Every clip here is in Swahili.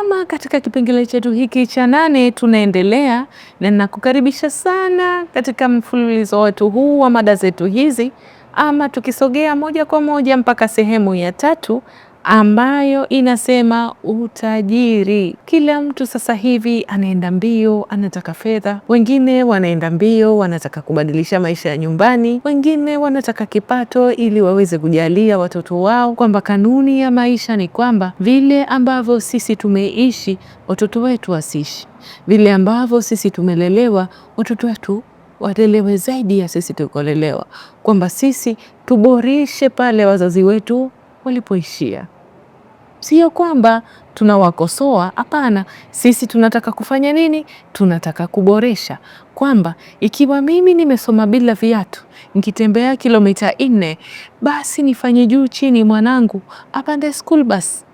Ama katika kipengele chetu hiki cha nane tunaendelea na nakukaribisha sana katika mfululizo wetu huu wa mada zetu hizi, ama tukisogea moja kwa moja mpaka sehemu ya tatu ambayo inasema utajiri. Kila mtu sasa hivi anaenda mbio, anataka fedha. Wengine wanaenda mbio, wanataka kubadilisha maisha ya nyumbani, wengine wanataka kipato ili waweze kujalia watoto wao, kwamba kanuni ya maisha ni kwamba vile ambavyo sisi tumeishi watoto wetu wasiishi vile ambavyo sisi tumelelewa, watoto wetu walelewe zaidi ya sisi tulikolelewa, kwamba sisi tuboreshe pale wazazi wetu walipoishia. Sio kwamba tunawakosoa, hapana. Sisi tunataka kufanya nini? Tunataka kuboresha kwamba ikiwa mimi nimesoma bila viatu nikitembea kilomita nne, basi nifanye juu chini, mwanangu apande school bus,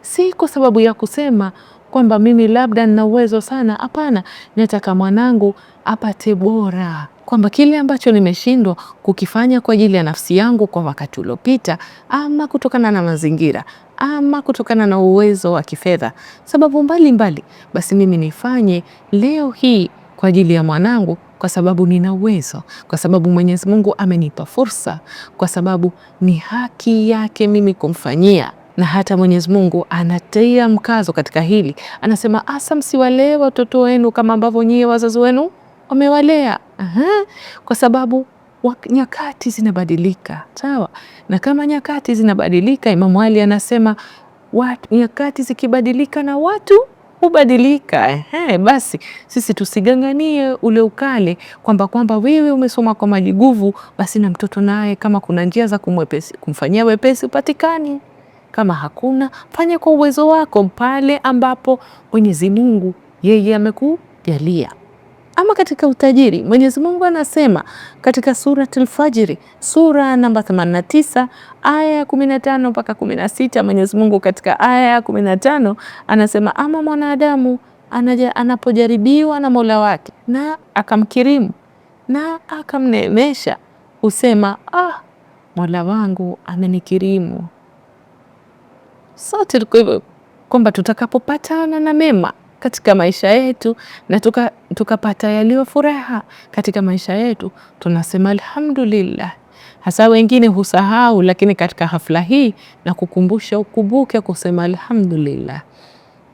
si kwa sababu ya kusema kwamba mimi labda nina uwezo sana. Hapana, nataka mwanangu apate bora kwamba kile ambacho nimeshindwa kukifanya kwa ajili ya nafsi yangu kwa wakati uliopita, ama kutokana na mazingira ama kutokana na uwezo wa kifedha, sababu mbalimbali mbali, basi mimi nifanye leo hii kwa ajili ya mwanangu kwa sababu nina uwezo, kwa sababu Mwenyezi Mungu amenipa fursa, kwa sababu ni haki yake mimi kumfanyia. Na hata Mwenyezi Mungu anatia mkazo katika hili, anasema asa, msiwalee watoto wenu kama ambavyo nyie wazazi wenu wamewalea. Aha, kwa sababu nyakati zinabadilika, sawa. Na kama nyakati zinabadilika, Imamu Ali anasema watu, nyakati zikibadilika na watu hubadilika. eh, basi sisi tusiganganie ule ukale kwamba kwamba wewe umesoma kwa majiguvu, basi na mtoto naye, kama kuna njia za kumwepesi, kumfanyia wepesi upatikani. Kama hakuna, fanya kwa uwezo wako pale ambapo Mwenyezi Mungu yeye amekujalia. Ama katika utajiri, Mwenyezi Mungu anasema katika Suratul Fajiri, sura namba 89 aya ya 15 mpaka 16. Mwenyezi Mungu katika aya ya 15 anasema, ama mwanadamu anaja, anapojaribiwa na Mola wake na akamkirimu na akamneemesha, husema ah, Mola wangu amenikirimu. Sote kwamba tutakapopatana na mema katika maisha yetu na tuka, tukapata yaliyo furaha katika maisha yetu, tunasema alhamdulillah. Hasa wengine husahau, lakini katika hafla hii na kukumbusha, ukumbuke kusema alhamdulillah.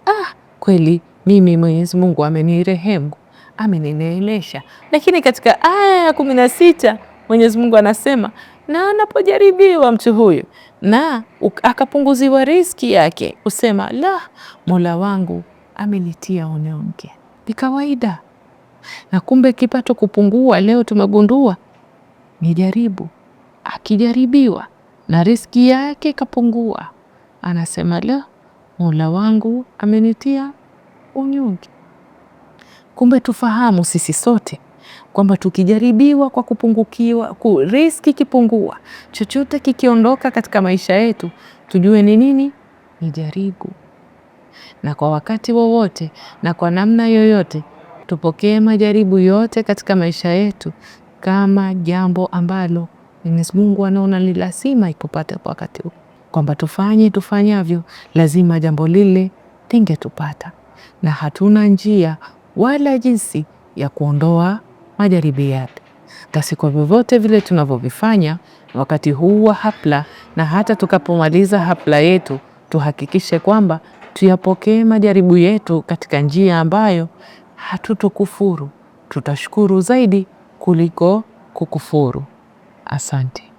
Ah, kweli mimi Mwenyezi Mungu amenirehemu, amenineelesha. Lakini katika aya ya kumi na sita Mwenyezi Mungu anasema na anapojaribiwa mtu huyu na akapunguziwa riski yake, usema la, mola wangu amenitia unyonge, ni kawaida. Na kumbe kipato kupungua, leo tumegundua ni jaribu. Akijaribiwa na riski yake ikapungua, anasema leo Mola wangu amenitia unyonge. Kumbe tufahamu sisi sote kwamba tukijaribiwa kwa kupungukiwa ku, riski ikipungua, chochote kikiondoka katika maisha yetu, tujue ni nini, ni jaribu na kwa wakati wowote na kwa namna yoyote. Tupokee majaribu yote katika maisha yetu kama jambo ambalo Mwenyezi Mungu anaona ni lazima itupate kwa wakati huu, kwamba tufanye tufanyavyo, lazima jambo lile lingetupata, na hatuna njia wala jinsi ya kuondoa majaribu yale. Basi kwa vyovyote vile tunavyovifanya wakati huu wa hafla, na hata tukapomaliza hafla yetu, tuhakikishe kwamba Tuyapokee majaribu yetu katika njia ambayo hatutokufuru, tutashukuru zaidi kuliko kukufuru. Asante.